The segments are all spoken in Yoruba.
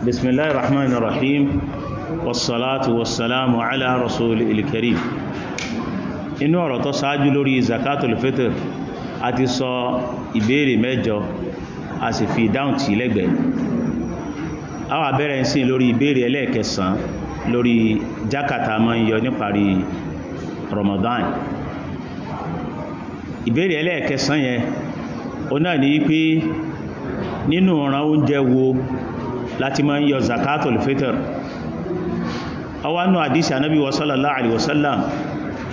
بسم الله الرحمن الرحيم والصلاة والسلام على رسول الكريم inú ọ̀rọ̀ tó ṣáájú lórí zakatul fitr a ti sọ ìbéèrè mẹ́jọ a sì fi ìdáhùn tì lẹ́gbẹ̀ẹ́ a wá bẹ̀rẹ̀ sí lórí ìbéèrè ẹlẹ́ẹ̀kẹsàn lórí jákàtà máa ń yọ níparí Ramadan ìbéèrè ẹlẹ́ẹ̀kẹsàn yẹn ó náà ní pé nínú ọ̀ràn oúnjẹ wo láti máa ń yọ zakatul fitr ọwá náà àdísì ànábí sallallahu alaihi wasallam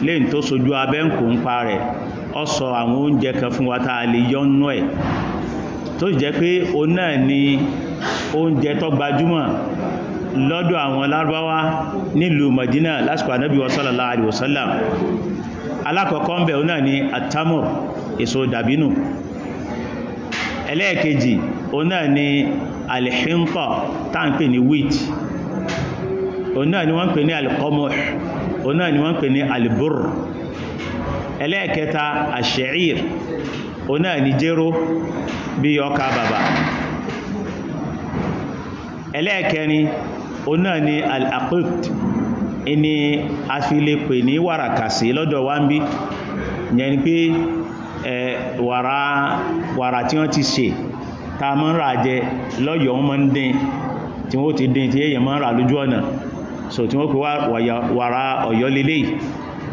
lè ń tó sojú abẹ́ǹkù ń pa rẹ̀ ọ sọ àwọn oúnjẹ kan fún wa tá a lè ẹ̀ tó jẹ́ pé o náà ni oúnjẹ tó gbajúmọ̀ lọ́dọ̀ àwọn lárúbáwá nílùú Madina lásìkò ànábí sallallahu alaihi wasallam alákọ̀ọ́kọ́ ń bẹ̀ o náà ni atamur èso dàbínù ẹlẹ́ẹ̀kejì o náà ni alìhínkọ̀ tá ń pè ní wheat òun náà ni wọ́n ń pè ní alìkọ́mọ̀ òun náà ni wọ́n ń pè ní alìbúrù ẹlẹ́ẹ̀kẹta àṣẹ̀ír òun náà ni jéró bí ọkà bàbà ẹlẹ́ẹ̀kẹrin òun náà ni al ni a fi lè pè ní wàràkàsí lọ́dọ̀ wá ń bí yẹn ni pé wàrà tí wọ́n ti ṣe ta mọ́ rà jẹ lọ́yọ̀ wọn mọ́ ń dín tí wọ́n ti dín tí èyàn mọ́ rà lójú ọ̀nà so tí wọ́n pè wá wàrà ọ̀yọ́ lélẹ̀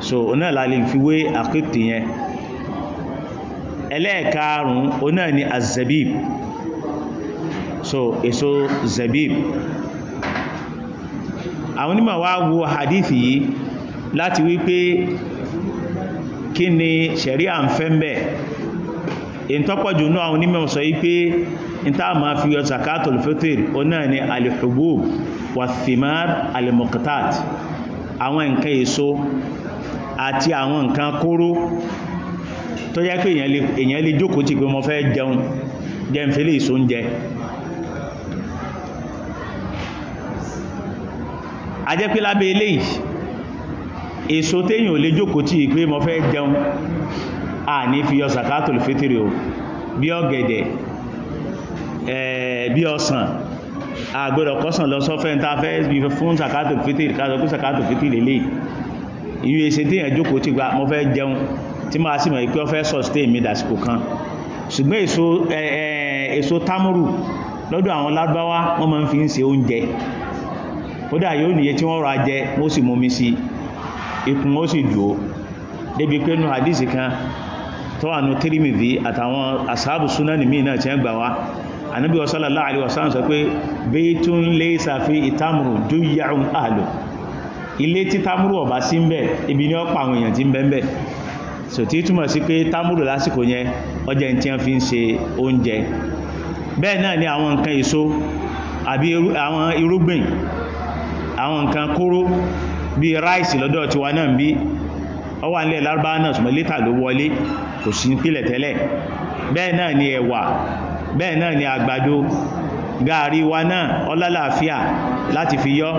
so onáà la lè fi wé àkìtì yẹn ẹlẹ́ẹ̀karùn onáà ni azabib so èso zabib àwọn onímọ̀ wá wo hadithi yìí láti wípé kí ni ṣẹ̀ríà ń fẹ́ mbẹ̀ ìntọ́pọ̀jù náà àwọn onímọ̀ sọ wípé ìntá ma fi yọ zakatul fitr o náà ni alihubub wa thimar alimokatat àwọn nǹkan èso àti àwọn nǹkan kóró tó jẹ́ pé èyàn lè jókòó ti pé mo fẹ́ jẹun jẹ́ ń fẹ́lẹ̀ èso ń jẹ ajẹ́ pé lábẹ́ èso téyàn lè jókòó ti pé mo fẹ́ jẹun a ní fi yọ zakatul fitri o bí ọ̀gẹ̀dẹ̀ eh, bí ọsàn àgbẹ̀rọ̀ kọsàn lọ sọ́fẹ́ ta fẹ́ bí fún zakatul fitri káàkiri kú zakatul fitri lélẹ̀ ìwé ẹsẹ̀ tí èèyàn jókòó ti gba mo fẹ́ jẹun tí máa sì mọ̀ pé ọ fẹ́ sustain mi dàsìkò kan ṣùgbọ́n èso eh, eh, èso támúrù lọ́dọ̀ àwọn lárúbáwá wọ́n máa ń fi ń ṣe oúnjẹ ó dà yóò nìyẹ tí wọ́n rọ ajẹ wọ́n sì mú mi sí ikùn ó sì dùn ó débi pé nù hadisi kan tó wà ní tírímìdí àtàwọn asáàbù súnánì míì náà tí ń gbà wá anábí sallallahu alaihi wasallam sọ pé baytun laysa fi ìtàmùrù duyya'un ahlu ilé tí támùrù ọ̀bá sí ń bẹ̀ ibi ní ọ̀pọ̀ àwọn èèyàn tí ń bẹ́ ń bẹ̀ so tí túmọ̀ sí pé támùrù lásìkò yẹn ọjẹ́ tí wọ́n fi ń ṣe oúnjẹ bẹ́ẹ̀ náà ni àwọn nǹkan èso àbí àwọn irúgbìn àwọn nǹkan kóró bí ráìsì lọ́dọ̀ tiwa náà ń bí ọwà nílẹ̀ lárúbáwá náà sùmọ́ létà ló wọlé kò sí nípìlẹ̀ tẹ́lẹ̀ bẹ́ẹ̀ náà ni ẹ̀wà bẹ́ẹ̀ náà ni àgbàdo gààrí wa náà ọlálàáfíà láti fi yọ́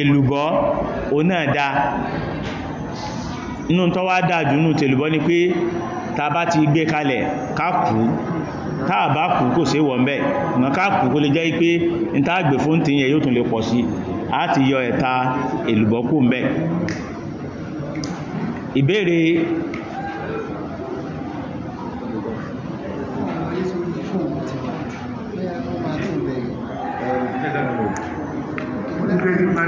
èlùbọ́ o náà dá inú tó wá dáadù inú tèlùbọ́ ni pé ta bá ti gbé kalẹ̀ káàkù táàbá kù kò sí wọ̀n bẹ́ẹ̀ wọn káàkù kó lè jẹ́ pé n tá gbé fún ti yẹ yóò tún lè pọ̀ sí a ti yọ ẹ̀ta èlùbọ́ kù ń bẹ́ẹ̀ ìbéèrè